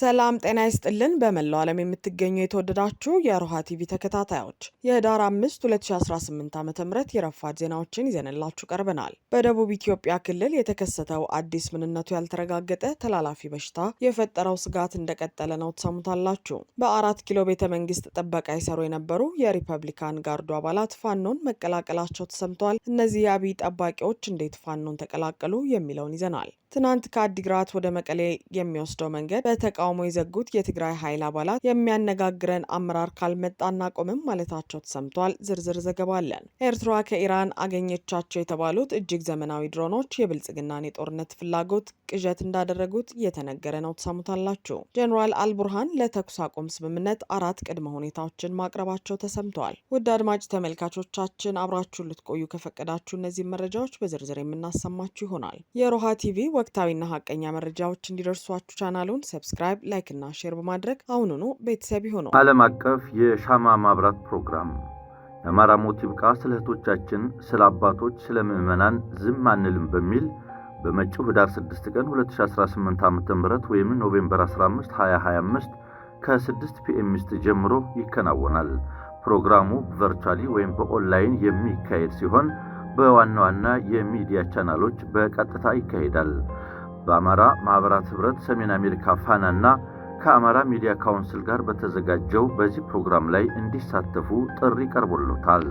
ሰላም ጤና ይስጥልን። በመላው ዓለም የምትገኙ የተወደዳችሁ የሮሃ ቲቪ ተከታታዮች የህዳር 5 2018 ዓ ም የረፋድ ዜናዎችን ይዘንላችሁ ቀርበናል። በደቡብ ኢትዮጵያ ክልል የተከሰተው አዲስ ምንነቱ ያልተረጋገጠ ተላላፊ በሽታ የፈጠረው ስጋት እንደቀጠለ ነው። ትሰሙታላችሁ። በአራት ኪሎ ቤተ መንግስት ጥበቃ ይሰሩ የነበሩ የሪፐብሊካን ጋርዱ አባላት ፋኖን መቀላቀላቸው ተሰምቷል። እነዚህ የአብይ ጠባቂዎች እንዴት ፋኖን ተቀላቀሉ የሚለውን ይዘናል። ትናንት ከአዲግራት ወደ መቀሌ የሚወስደው መንገድ በተቃውሞ ተቃውሞ የዘጉት የትግራይ ኃይል አባላት የሚያነጋግረን አመራር ካልመጣ እናቆምም ማለታቸው ተሰምቷል። ዝርዝር ዘገባ አለን። ኤርትራ ከኢራን አገኘቻቸው የተባሉት እጅግ ዘመናዊ ድሮኖች የብልጽግናን የጦርነት ፍላጎት ቅዠት እንዳደረጉት እየተነገረ ነው። ትሰሙታላችሁ። ጀኔራል አልቡርሃን ለተኩስ አቁም ስምምነት አራት ቅድመ ሁኔታዎችን ማቅረባቸው ተሰምተዋል። ውድ አድማጭ ተመልካቾቻችን አብራችሁን ልትቆዩ ከፈቀዳችሁ እነዚህ መረጃዎች በዝርዝር የምናሰማችሁ ይሆናል። የሮሃ ቲቪ ወቅታዊና ሀቀኛ መረጃዎች እንዲደርሷችሁ ቻናሉን ሰብስክራይብ፣ ላይክና ሼር በማድረግ አሁኑኑ ቤተሰብ ይሁኑ። ዓለም አቀፍ የሻማ ማብራት ፕሮግራም የአማራ ሞት ይብቃ፣ ስለ እህቶቻችን፣ ስለ አባቶች፣ ስለ ምዕመናን ዝም አንልም በሚል በመጪው ህዳር 6 ቀን 2018 ዓ ም ወይም ኖቬምበር 15 2025 ከ6 ፒኤም ስት ጀምሮ ይከናወናል። ፕሮግራሙ ቨርቹዋሊ ወይም በኦንላይን የሚካሄድ ሲሆን በዋና ዋና የሚዲያ ቻናሎች በቀጥታ ይካሄዳል። በአማራ ማኅበራት ኅብረት ሰሜን አሜሪካ ፋና እና ከአማራ ሚዲያ ካውንስል ጋር በተዘጋጀው በዚህ ፕሮግራም ላይ እንዲሳተፉ ጥሪ ቀርቦሎታል።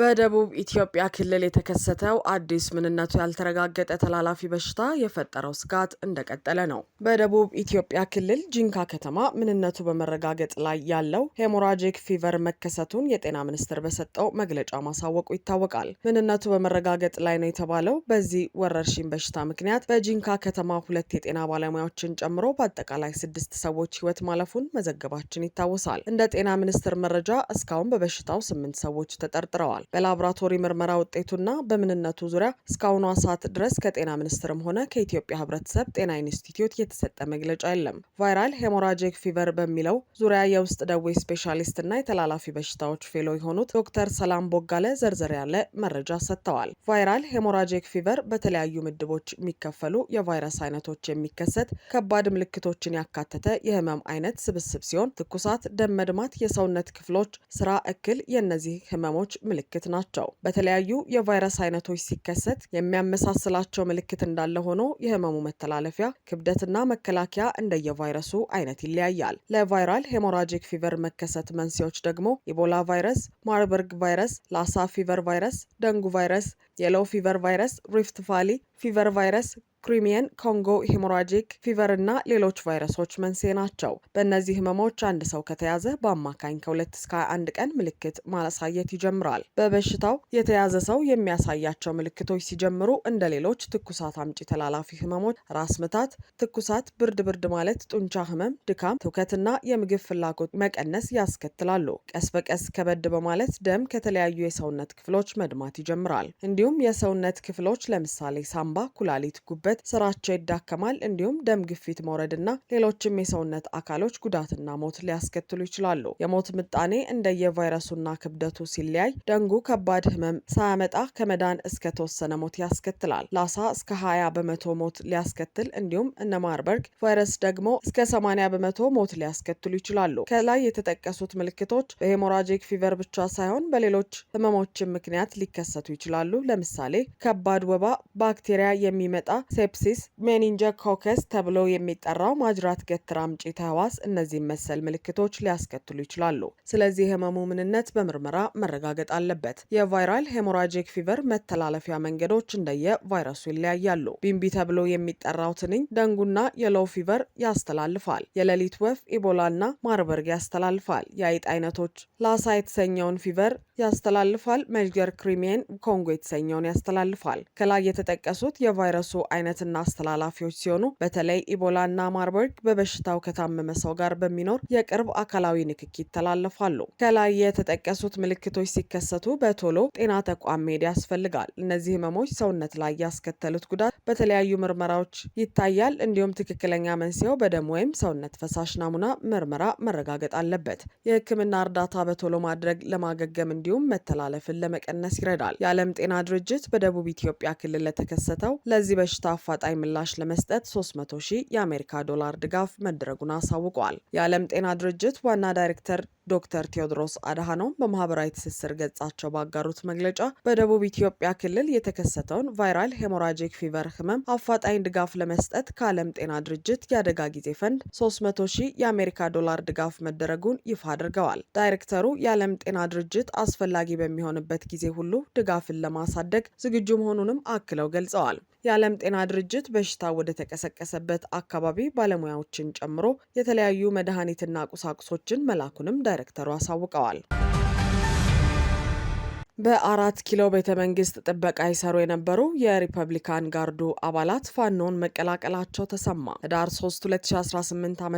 በደቡብ ኢትዮጵያ ክልል የተከሰተው አዲስ ምንነቱ ያልተረጋገጠ ተላላፊ በሽታ የፈጠረው ስጋት እንደቀጠለ ነው። በደቡብ ኢትዮጵያ ክልል ጂንካ ከተማ ምንነቱ በመረጋገጥ ላይ ያለው ሄሞራጂክ ፊቨር መከሰቱን የጤና ሚኒስቴር በሰጠው መግለጫ ማሳወቁ ይታወቃል። ምንነቱ በመረጋገጥ ላይ ነው የተባለው በዚህ ወረርሽኝ በሽታ ምክንያት በጂንካ ከተማ ሁለት የጤና ባለሙያዎችን ጨምሮ በአጠቃላይ ስድስት ሰዎች ህይወት ማለፉን መዘገባችን ይታወሳል። እንደ ጤና ሚኒስቴር መረጃ እስካሁን በበሽታው ስምንት ሰዎች ተጠርጥረዋል። በላቦራቶሪ ምርመራ ውጤቱና በምንነቱ ዙሪያ እስካሁኗ ሰዓት ድረስ ከጤና ሚኒስቴርም ሆነ ከኢትዮጵያ ሕብረተሰብ ጤና ኢንስቲትዩት የተሰጠ መግለጫ የለም። ቫይራል ሄሞራጂክ ፊቨር በሚለው ዙሪያ የውስጥ ደዌ ስፔሻሊስት እና የተላላፊ በሽታዎች ፌሎ የሆኑት ዶክተር ሰላም ቦጋለ ዘርዘር ያለ መረጃ ሰጥተዋል። ቫይራል ሄሞራጂክ ፊቨር በተለያዩ ምድቦች የሚከፈሉ የቫይረስ አይነቶች የሚከሰት ከባድ ምልክቶችን ያካተተ የህመም አይነት ስብስብ ሲሆን ትኩሳት፣ ደም መድማት፣ የሰውነት ክፍሎች ስራ እክል የእነዚህ ህመሞች ምልክት ምልክት ናቸው። በተለያዩ የቫይረስ አይነቶች ሲከሰት የሚያመሳስላቸው ምልክት እንዳለ ሆኖ የህመሙ መተላለፊያ ክብደትና መከላከያ እንደየቫይረሱ አይነት ይለያያል። ለቫይራል ሄሞራጂክ ፊቨር መከሰት መንስኤዎች ደግሞ ኢቦላ ቫይረስ፣ ማርበርግ ቫይረስ፣ ላሳ ፊቨር ቫይረስ፣ ደንጉ ቫይረስ፣ የለው ፊቨር ቫይረስ፣ ሪፍት ቫሊ ፊቨር ቫይረስ፣ ክሪሚየን ኮንጎ ሄሞራጂክ ፊቨር እና ሌሎች ቫይረሶች መንስኤ ናቸው። በእነዚህ ህመሞች አንድ ሰው ከተያዘ በአማካኝ ከ2 እስከ 21 ቀን ምልክት ማሳየት ይጀምራል። በበሽታው የተያዘ ሰው የሚያሳያቸው ምልክቶች ሲጀምሩ እንደ ሌሎች ትኩሳት አምጪ ተላላፊ ህመሞች ራስ ምታት፣ ትኩሳት፣ ብርድ ብርድ ማለት፣ ጡንቻ ህመም፣ ድካም፣ ትውከትና የምግብ ፍላጎት መቀነስ ያስከትላሉ። ቀስ በቀስ ከበድ በማለት ደም ከተለያዩ የሰውነት ክፍሎች መድማት ይጀምራል። እንዲሁ እንዲሁም የሰውነት ክፍሎች ለምሳሌ ሳምባ፣ ኩላሊት፣ ጉበት ስራቸው ይዳከማል። እንዲሁም ደም ግፊት መውረድና ሌሎችም የሰውነት አካሎች ጉዳትና ሞት ሊያስከትሉ ይችላሉ። የሞት ምጣኔ እንደየቫይረሱና ክብደቱ ሲለያይ ደንጉ ከባድ ህመም ሳያመጣ ከመዳን እስከ ተወሰነ ሞት ያስከትላል። ላሳ እስከ 20 በመቶ ሞት ሊያስከትል እንዲሁም እነ ማርበርግ ቫይረስ ደግሞ እስከ 80 በመቶ ሞት ሊያስከትሉ ይችላሉ። ከላይ የተጠቀሱት ምልክቶች በሄሞራጂክ ፊቨር ብቻ ሳይሆን በሌሎች ህመሞችን ምክንያት ሊከሰቱ ይችላሉ። ለምሳሌ ከባድ ወባ፣ ባክቴሪያ የሚመጣ ሴፕሲስ፣ ኮከስ ተብሎ የሚጠራው ማጅራት ገትር አምጪ ተህዋስ እነዚህ መሰል ምልክቶች ሊያስከትሉ ይችላሉ። ስለዚህ ህመሙ ምንነት በምርመራ መረጋገጥ አለበት። የቫይራል ሄሞራጂክ ፊቨር መተላለፊያ መንገዶች እንደየ ቫይረሱ ይለያያሉ። ቢምቢ ተብሎ የሚጠራው ትንኝ ደንጉና የሎው ፊቨር ያስተላልፋል። የሌሊት ወፍ ኢቦላና ማርበርግ ያስተላልፋል። የአይጥ አይነቶች ላሳ የተሰኘውን ፊቨር ያስተላልፋል። መልጀር ክሪሚየን ኮንጎ የተሰኘ የተገኘውን ያስተላልፋል። ከላይ የተጠቀሱት የቫይረሱ አይነትና አስተላላፊዎች ሲሆኑ በተለይ ኢቦላ እና ማርበርግ በበሽታው ከታመመ ሰው ጋር በሚኖር የቅርብ አካላዊ ንክክ ይተላለፋሉ። ከላይ የተጠቀሱት ምልክቶች ሲከሰቱ በቶሎ ጤና ተቋም መሄድ ያስፈልጋል። እነዚህ ህመሞች ሰውነት ላይ ያስከተሉት ጉዳት በተለያዩ ምርመራዎች ይታያል። እንዲሁም ትክክለኛ መንስኤው በደም ወይም ሰውነት ፈሳሽ ናሙና ምርመራ መረጋገጥ አለበት። የህክምና እርዳታ በቶሎ ማድረግ ለማገገም እንዲሁም መተላለፍን ለመቀነስ ይረዳል። የዓለም ጤና ድርጅት ድርጅት በደቡብ ኢትዮጵያ ክልል ለተከሰተው ለዚህ በሽታ አፋጣኝ ምላሽ ለመስጠት 300 ሺህ የአሜሪካ ዶላር ድጋፍ መደረጉን አሳውቋል። የዓለም ጤና ድርጅት ዋና ዳይሬክተር ዶክተር ቴዎድሮስ አድሃኖም በማህበራዊ ትስስር ገጻቸው ባጋሩት መግለጫ በደቡብ ኢትዮጵያ ክልል የተከሰተውን ቫይራል ሄሞራጂክ ፊቨር ህመም አፋጣኝ ድጋፍ ለመስጠት ከዓለም ጤና ድርጅት የአደጋ ጊዜ ፈንድ 300 ሺህ የአሜሪካ ዶላር ድጋፍ መደረጉን ይፋ አድርገዋል። ዳይሬክተሩ የዓለም ጤና ድርጅት አስፈላጊ በሚሆንበት ጊዜ ሁሉ ድጋፍን ለማሳደግ ለማሳደግ ዝግጁ መሆኑንም አክለው ገልጸዋል። የዓለም ጤና ድርጅት በሽታ ወደ ተቀሰቀሰበት አካባቢ ባለሙያዎችን ጨምሮ የተለያዩ መድኃኒትና ቁሳቁሶችን መላኩንም ዳይሬክተሩ አሳውቀዋል። በአራት ኪሎ ቤተ መንግስት ጥበቃ ይሰሩ የነበሩ የሪፐብሊካን ጋርዱ አባላት ፋኖን መቀላቀላቸው ተሰማ። ህዳር 3 2018 ዓ ም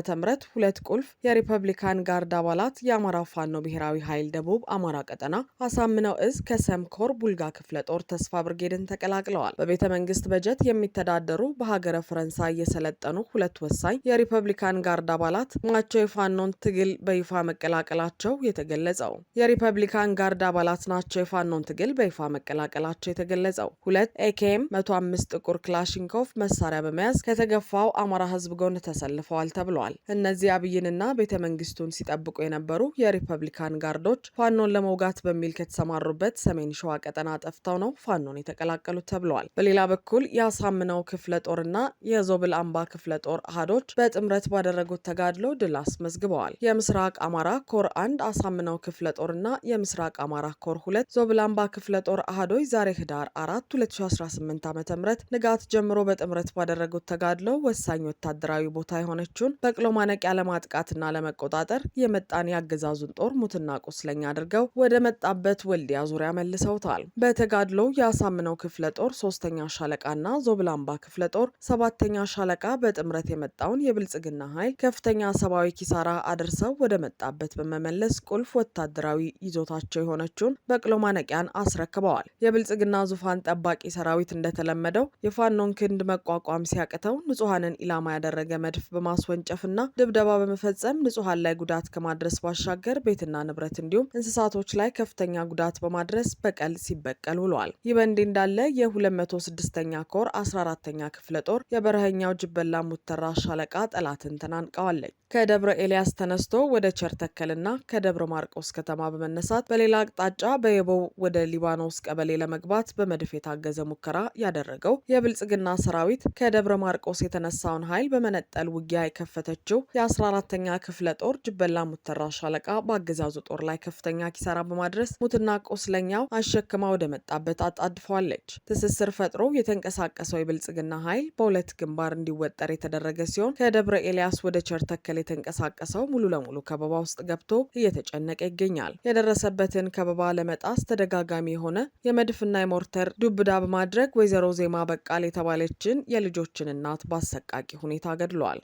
ሁለት ቁልፍ የሪፐብሊካን ጋርድ አባላት የአማራ ፋኖ ብሔራዊ ኃይል ደቡብ አማራ ቀጠና አሳምነው እዝ ከሰምኮር ቡልጋ ክፍለ ጦር ተስፋ ብርጌድን ተቀላቅለዋል። በቤተ መንግስት በጀት የሚተዳደሩ በሀገረ ፈረንሳይ የሰለጠኑ ሁለት ወሳኝ የሪፐብሊካን ጋርድ አባላት ማቸው የፋኖን ትግል በይፋ መቀላቀላቸው የተገለጸው። የሪፐብሊካን ጋርድ አባላት ናቸው የፋኖን ትግል በይፋ መቀላቀላቸው የተገለጸው። ሁለት ኤኬም 105 ጥቁር ክላሽንኮቭ መሳሪያ በመያዝ ከተገፋው አማራ ህዝብ ጎን ተሰልፈዋል ተብሏል። እነዚህ አብይንና ቤተ መንግስቱን ሲጠብቁ የነበሩ የሪፐብሊካን ጋርዶች ፋኖን ለመውጋት በሚል ከተሰማሩበት ሰሜን ሸዋ ቀጠና ጠፍተው ነው ፋኖን የተቀላቀሉት ተብለዋል። በሌላ በኩል የአሳምነው ክፍለ ጦርና የዞብል አምባ ክፍለ ጦር አህዶች በጥምረት ባደረጉት ተጋድሎ ድል አስመዝግበዋል። የምስራቅ አማራ ኮር አንድ አሳምነው ክፍለ ጦርና የምስራቅ አማራ ኮር ሁለት ዞብላምባ ክፍለ ጦር አህዶች ዛሬ ህዳር 4 2018 ዓ ም ንጋት ጀምሮ በጥምረት ባደረጉት ተጋድሎ ወሳኝ ወታደራዊ ቦታ የሆነችውን በቅሎ ማነቂያ ለማጥቃትና ለመቆጣጠር የመጣን የአገዛዙን ጦር ሙትና ቁስለኛ አድርገው ወደ መጣበት ወልዲያ ዙሪያ መልሰውታል። በተጋድሎ የአሳምነው ክፍለ ጦር ሶስተኛ ሻለቃና ዞብላምባ ክፍለ ጦር ሰባተኛ ሻለቃ በጥምረት የመጣውን የብልጽግና ኃይል ከፍተኛ ሰብአዊ ኪሳራ አድርሰው ወደ መጣበት በመመለስ ቁልፍ ወታደራዊ ይዞታቸው የሆነችውን በቅሎ ማነቂያን አስረክበዋል። የብልጽግና ዙፋን ጠባቂ ሰራዊት እንደተለመደው የፋኖን ክንድ መቋቋም ሲያቅተው ንጹሐንን ኢላማ ያደረገ መድፍ በማስወንጨፍና ድብደባ በመፈጸም ንጹሐን ላይ ጉዳት ከማድረስ ባሻገር ቤትና ንብረት እንዲሁም እንስሳቶች ላይ ከፍተኛ ጉዳት በማድረስ በቀል ሲበቀል ውሏል። ይህ በእንዲህ እንዳለ የ206ኛ ኮር 14ኛ ክፍለ ጦር የበረሀኛው ጅበላ ሙተራ ሻለቃ ጠላትን ተናንቀዋለች። ከደብረ ኤልያስ ተነስቶ ወደ ቸርተከልና ከደብረ ማርቆስ ከተማ በመነሳት በሌላ አቅጣጫ በየቦ ወደ ሊባኖስ ቀበሌ ለመግባት በመድፍ የታገዘ ሙከራ ያደረገው የብልጽግና ሰራዊት ከደብረ ማርቆስ የተነሳውን ኃይል በመነጠል ውጊያ የከፈተችው የ14ተኛ ክፍለ ጦር ጅበላ ሙተራ ሻለቃ በአገዛዙ ጦር ላይ ከፍተኛ ኪሳራ በማድረስ ሙትና ቆስለኛው አሸክማ ወደ መጣበት አጣድፈዋለች። ትስስር ፈጥሮ የተንቀሳቀሰው የብልጽግና ኃይል በሁለት ግንባር እንዲወጠር የተደረገ ሲሆን ከደብረ ኤልያስ ወደ ቸርተከል የተንቀሳቀሰው ሙሉ ለሙሉ ከበባ ውስጥ ገብቶ እየተጨነቀ ይገኛል። የደረሰበትን ከበባ ለመጣስ ተደጋጋሚ የሆነ የመድፍና የሞርተር ዱብዳ በማድረግ ወይዘሮ ዜማ በቃል የተባለችን የልጆችን እናት በአሰቃቂ ሁኔታ ገድለዋል።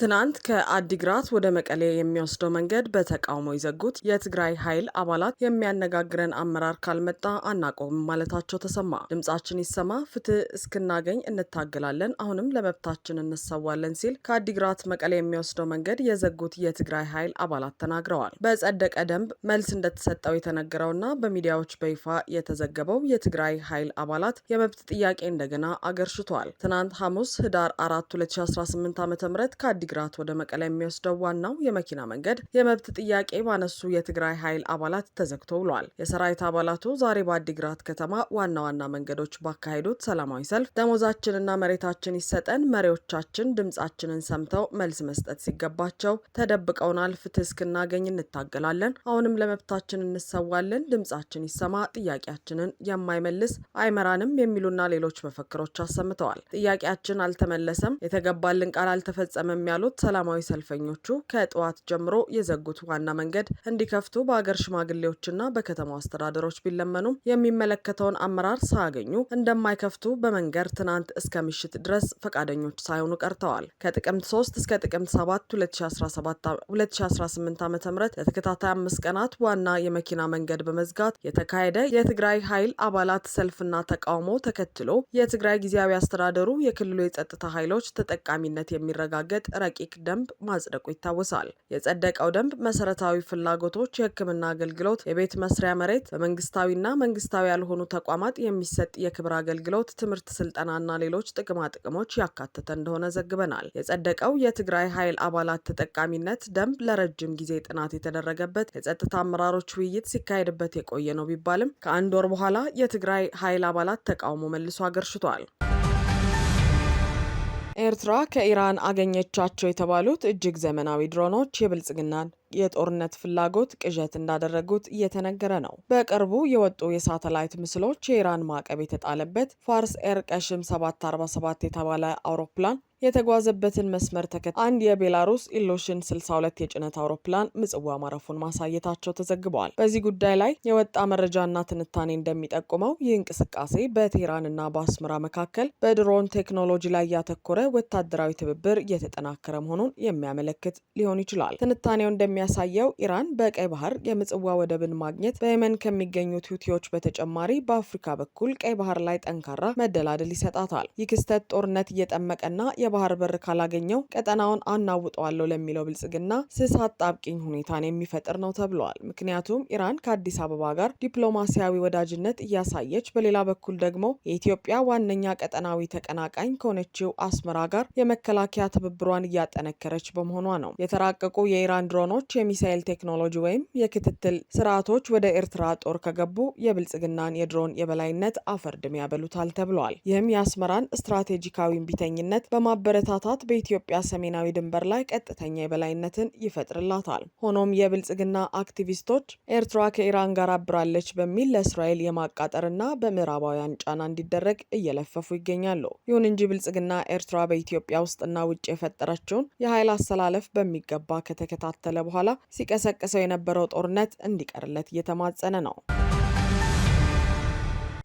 ትናንት ከአዲግራት ወደ መቀሌ የሚወስደው መንገድ በተቃውሞ የዘጉት የትግራይ ኃይል አባላት የሚያነጋግረን አመራር ካልመጣ አናቆምም ማለታቸው ተሰማ። ድምጻችን ይሰማ፣ ፍትህ እስክናገኝ እንታገላለን፣ አሁንም ለመብታችን እንሰዋለን ሲል ከአዲግራት መቀሌ የሚወስደው መንገድ የዘጉት የትግራይ ኃይል አባላት ተናግረዋል። በጸደቀ ደንብ መልስ እንደተሰጠው የተነገረውና በሚዲያዎች በይፋ የተዘገበው የትግራይ ኃይል አባላት የመብት ጥያቄ እንደገና አገርሽቷል። ትናንት ሐሙስ ህዳር 4 2018 ዓ ም ከአዲግራት ወደ መቀለ የሚወስደው ዋናው የመኪና መንገድ የመብት ጥያቄ ባነሱ የትግራይ ኃይል አባላት ተዘግቶ ውሏል። የሰራዊት አባላቱ ዛሬ በአዲግራት ከተማ ዋና ዋና መንገዶች ባካሄዱት ሰላማዊ ሰልፍ ደሞዛችንና መሬታችን ይሰጠን፣ መሪዎቻችን ድምጻችንን ሰምተው መልስ መስጠት ሲገባቸው ተደብቀውናል፣ ፍትህ እስክናገኝ እንታገላለን፣ አሁንም ለመብታችን እንሰዋለን፣ ድምጻችን ይሰማ፣ ጥያቄያችንን የማይመልስ አይመራንም የሚሉና ሌሎች መፈክሮች አሰምተዋል። ጥያቄያችን አልተመለሰም፣ የተገባልን ቃል አልተፈጸመም ያሉት ሰላማዊ ሰልፈኞቹ ከጠዋት ጀምሮ የዘጉት ዋና መንገድ እንዲከፍቱ በአገር ሽማግሌዎችና በከተማ አስተዳደሮች ቢለመኑም የሚመለከተውን አመራር ሳያገኙ እንደማይከፍቱ በመንገድ ትናንት እስከ ምሽት ድረስ ፈቃደኞች ሳይሆኑ ቀርተዋል። ከጥቅምት 3 እስከ ጥቅምት 7 2018 ዓ ም ለተከታታይ አምስት ቀናት ዋና የመኪና መንገድ በመዝጋት የተካሄደ የትግራይ ኃይል አባላት ሰልፍና ተቃውሞ ተከትሎ የትግራይ ጊዜያዊ አስተዳደሩ የክልሉ የጸጥታ ኃይሎች ተጠቃሚነት የሚረጋገጥ ረቂቅ ደንብ ማጽደቁ ይታወሳል። የጸደቀው ደንብ መሰረታዊ ፍላጎቶች፣ የህክምና አገልግሎት፣ የቤት መስሪያ መሬት፣ በመንግስታዊና መንግስታዊ ያልሆኑ ተቋማት የሚሰጥ የክብር አገልግሎት፣ ትምህርት፣ ስልጠናና ሌሎች ጥቅማ ጥቅሞች ያካተተ እንደሆነ ዘግበናል። የጸደቀው የትግራይ ኃይል አባላት ተጠቃሚነት ደንብ ለረጅም ጊዜ ጥናት የተደረገበት የጸጥታ አመራሮች ውይይት ሲካሄድበት የቆየ ነው ቢባልም ከአንድ ወር በኋላ የትግራይ ኃይል አባላት ተቃውሞ መልሶ አገርሽቷል። ኤርትራ ከኢራን አገኘቻቸው የተባሉት እጅግ ዘመናዊ ድሮኖች የብልጽግናን የጦርነት ፍላጎት ቅዠት እንዳደረጉት እየተነገረ ነው። በቅርቡ የወጡ የሳተላይት ምስሎች የኢራን ማዕቀብ የተጣለበት ፋርስ ኤርቀሽም 747 የተባለ አውሮፕላን የተጓዘበትን መስመር ተከት አንድ የቤላሩስ ኢሎሽን 62 የጭነት አውሮፕላን ምጽዋ ማረፉን ማሳየታቸው ተዘግበዋል። በዚህ ጉዳይ ላይ የወጣ መረጃና ትንታኔ እንደሚጠቁመው ይህ እንቅስቃሴ በቴህራንና በአስመራ መካከል በድሮን ቴክኖሎጂ ላይ ያተኮረ ወታደራዊ ትብብር እየተጠናከረ መሆኑን የሚያመለክት ሊሆን ይችላል። ትንታኔው እንደሚያሳየው ኢራን በቀይ ባህር የምጽዋ ወደብን ማግኘት በየመን ከሚገኙት ሁቲዎች በተጨማሪ በአፍሪካ በኩል ቀይ ባህር ላይ ጠንካራ መደላደል ይሰጣታል። ይህ ክስተት ጦርነት እየጠመቀና የባህር በር ካላገኘው ቀጠናውን አናውጠዋለሁ ለሚለው ብልጽግና ስሳት ጣብቂኝ ሁኔታን የሚፈጥር ነው ተብለዋል። ምክንያቱም ኢራን ከአዲስ አበባ ጋር ዲፕሎማሲያዊ ወዳጅነት እያሳየች፣ በሌላ በኩል ደግሞ የኢትዮጵያ ዋነኛ ቀጠናዊ ተቀናቃኝ ከሆነችው አስመራ ጋር የመከላከያ ትብብሯን እያጠነከረች በመሆኗ ነው። የተራቀቁ የኢራን ድሮኖች፣ የሚሳኤል ቴክኖሎጂ ወይም የክትትል ስርዓቶች ወደ ኤርትራ ጦር ከገቡ የብልጽግናን የድሮን የበላይነት አፈርድም ያበሉታል ተብለዋል። ይህም የአስመራን ስትራቴጂካዊ እምቢተኝነት በማ ማበረታታት በኢትዮጵያ ሰሜናዊ ድንበር ላይ ቀጥተኛ የበላይነትን ይፈጥርላታል። ሆኖም የብልጽግና አክቲቪስቶች ኤርትራ ከኢራን ጋር አብራለች በሚል ለእስራኤል የማቃጠርና በምዕራባውያን ጫና እንዲደረግ እየለፈፉ ይገኛሉ። ይሁን እንጂ ብልጽግና ኤርትራ በኢትዮጵያ ውስጥና ውጭ የፈጠረችውን የኃይል አሰላለፍ በሚገባ ከተከታተለ በኋላ ሲቀሰቅሰው የነበረው ጦርነት እንዲቀርለት እየተማጸነ ነው።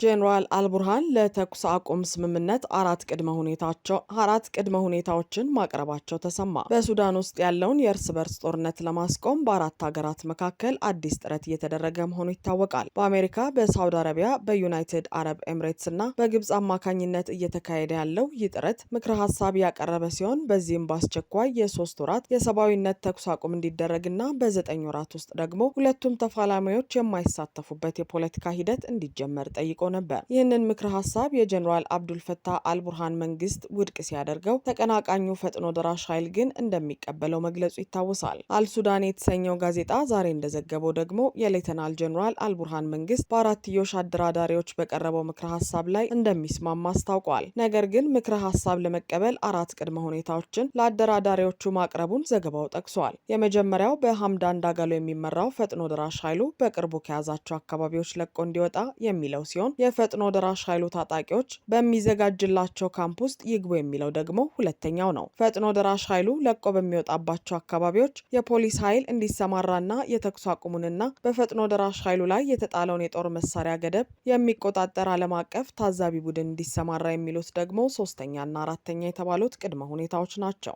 ጄኔራል አልቡርሃን ለተኩስ አቁም ስምምነት አራት ቅድመ ሁኔታቸው አራት ቅድመ ሁኔታዎችን ማቅረባቸው ተሰማ። በሱዳን ውስጥ ያለውን የእርስ በርስ ጦርነት ለማስቆም በአራት ሀገራት መካከል አዲስ ጥረት እየተደረገ መሆኑ ይታወቃል። በአሜሪካ፣ በሳውዲ አረቢያ፣ በዩናይትድ አረብ ኤምሬትስ እና በግብፅ አማካኝነት እየተካሄደ ያለው ይህ ጥረት ምክረ ሀሳብ ያቀረበ ሲሆን በዚህም በአስቸኳይ የሶስት ወራት የሰብአዊነት ተኩስ አቁም እንዲደረግና በዘጠኝ ወራት ውስጥ ደግሞ ሁለቱም ተፋላሚዎች የማይሳተፉበት የፖለቲካ ሂደት እንዲጀመር ጠይቆ ነበር። ይህንን ምክረ ሀሳብ የጀኔራል አብዱልፈታህ አልቡርሃን መንግስት ውድቅ ሲያደርገው ተቀናቃኙ ፈጥኖ ደራሽ ኃይል ግን እንደሚቀበለው መግለጹ ይታወሳል። አልሱዳን የተሰኘው ጋዜጣ ዛሬ እንደዘገበው ደግሞ የሌተናል ጀኔራል አልቡርሃን መንግስት በአራትዮሽ አደራዳሪዎች በቀረበው ምክረ ሀሳብ ላይ እንደሚስማማ አስታውቋል። ነገር ግን ምክረ ሀሳብ ለመቀበል አራት ቅድመ ሁኔታዎችን ለአደራዳሪዎቹ ማቅረቡን ዘገባው ጠቅሷል። የመጀመሪያው በሀምዳን ዳጋሎ የሚመራው ፈጥኖ ደራሽ ኃይሉ በቅርቡ ከያዛቸው አካባቢዎች ለቆ እንዲወጣ የሚለው ሲሆን የፈጥኖ ደራሽ ኃይሉ ታጣቂዎች በሚዘጋጅላቸው ካምፕ ውስጥ ይግቡ የሚለው ደግሞ ሁለተኛው ነው። ፈጥኖ ደራሽ ኃይሉ ለቆ በሚወጣባቸው አካባቢዎች የፖሊስ ኃይል እንዲሰማራና የተኩስ አቁሙንና በፈጥኖ ደራሽ ኃይሉ ላይ የተጣለውን የጦር መሳሪያ ገደብ የሚቆጣጠር ዓለም አቀፍ ታዛቢ ቡድን እንዲሰማራ የሚሉት ደግሞ ሶስተኛና አራተኛ የተባሉት ቅድመ ሁኔታዎች ናቸው።